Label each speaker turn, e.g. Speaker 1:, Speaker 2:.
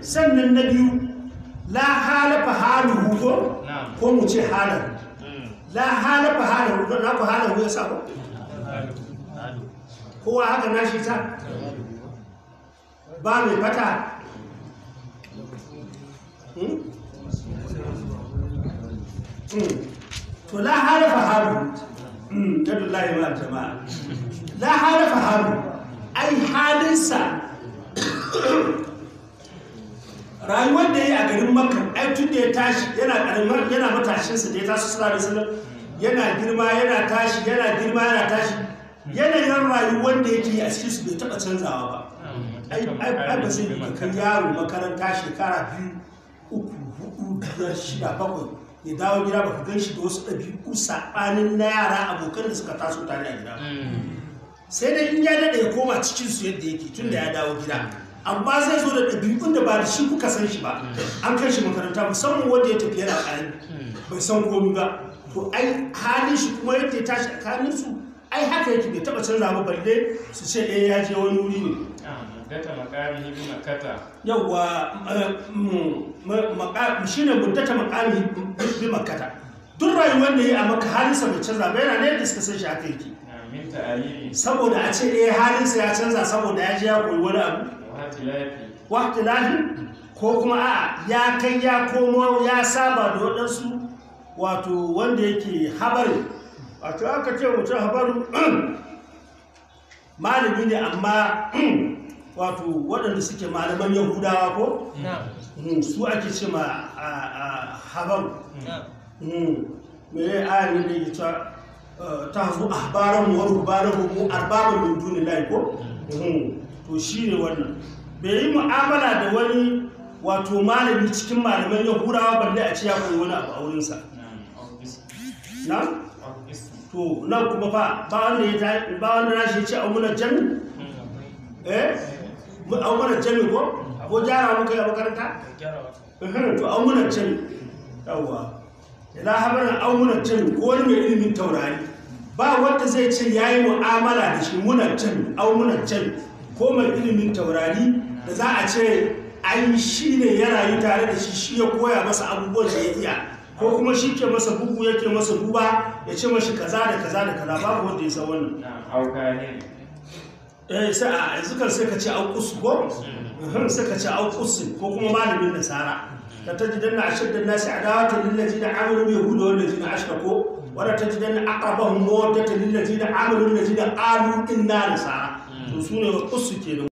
Speaker 1: sannan na biyu la halafa haluhu ko ko mu ce halahu hmm. la halafa haluhu don haka halahu ya sa sabo kowa haka nashi ta ba mai fata hmm? Hmm. to la halafa haluhu ta dullahi ba jama'a la halafa haluhu san halinsa rayuwar da ya yi a garin maka ai tun da ya tashi yana yana matashinsa da ya tashi sallallahu da wasallam yana girma yana tashi yana girma yana tashi yanayin rayuwar da ya ke a cikin su bai taba canzawa ba ai ba sai kan yaro makaranta shekara biyu uku hudu da shida bakwai ya dawo gida ba ka gan shi da wasu ɗabi'u saɓanin na yara abokan da suka taso tare a gida sai dai in ya daɗe ya koma cikin su yadda yake tun da ya mm. dawo gida amma zai zo da ɗabi'un da ba da shi kuka san shi ba mm. an kai shi makaranta musamman wanda ya tafi yana ƙarami mm. bai san komi ba to ai halin shi kuma yadda ya tashi a kanin su ai haka yake bai taɓa canza ba balle su ce eh ya je wani wuri ne ah, muddata makami bi makata yawa eh, makami shine muddata makami bi makata duk rayuwar da ya yi a maka halinsa bai canza ba yana ne da suka san shi haka yake saboda a ce ɗaya eh, halinsa ya canza saboda ya ji ya koyi wani abu wata lafi ko kuma a ya kan ya komo ya saba da waɗansu wato wanda yake habari wato aka ce mutum habaru malami ne amma wato waɗanda suke malaman yahudawa ko mm, su ake ce ma habaru mai mm, ayyar da ya tahazu ahbarahum mu ruhbanahum arbaban min dunillahi ko to shine wannan bai yi mu'amala da wani wato malami cikin malaman yahudawa balle a ci ya koyi wani abu a wurinsa na to nan kuma fa ba wanda ya ba wanda na shi ci a wunan jami eh a wunan jami ko ko jara muka yi a makaranta to a wunan jami yawwa ila habarin aumunatan ko wani mai ilimin taurari ba wanda zai ce ya yi mu'amala da shi munatan ko mai ilimin taurari da za a ce ai shi ne ya rayu tare da shi shi ya koya masa abubuwan da ya iya ko kuma shi ke masa bugu yake masa guba ya ce mashi kaza da kaza da kaza babu wanda ya sa wannan eh sai a yanzu kan sai ka ce aukus ko sai ka ce aukus ko kuma malamin nasara ta tajidanna ashadda an-nasi adawatan lil ladina amanu bi yahudi wal ladina ashraku wa la tajidanna aqrabahum mawaddatan lil ladina amanu lil da qalu inna nasara to sune aukus kenan